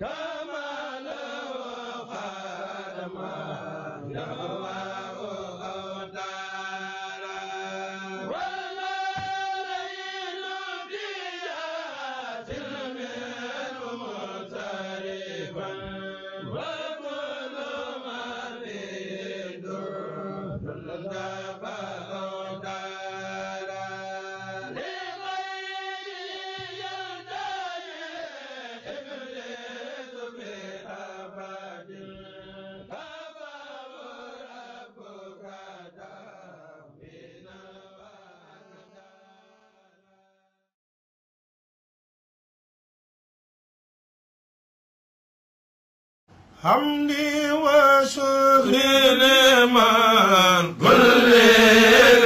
كما لو خاتما حمدي وشكري لمن كل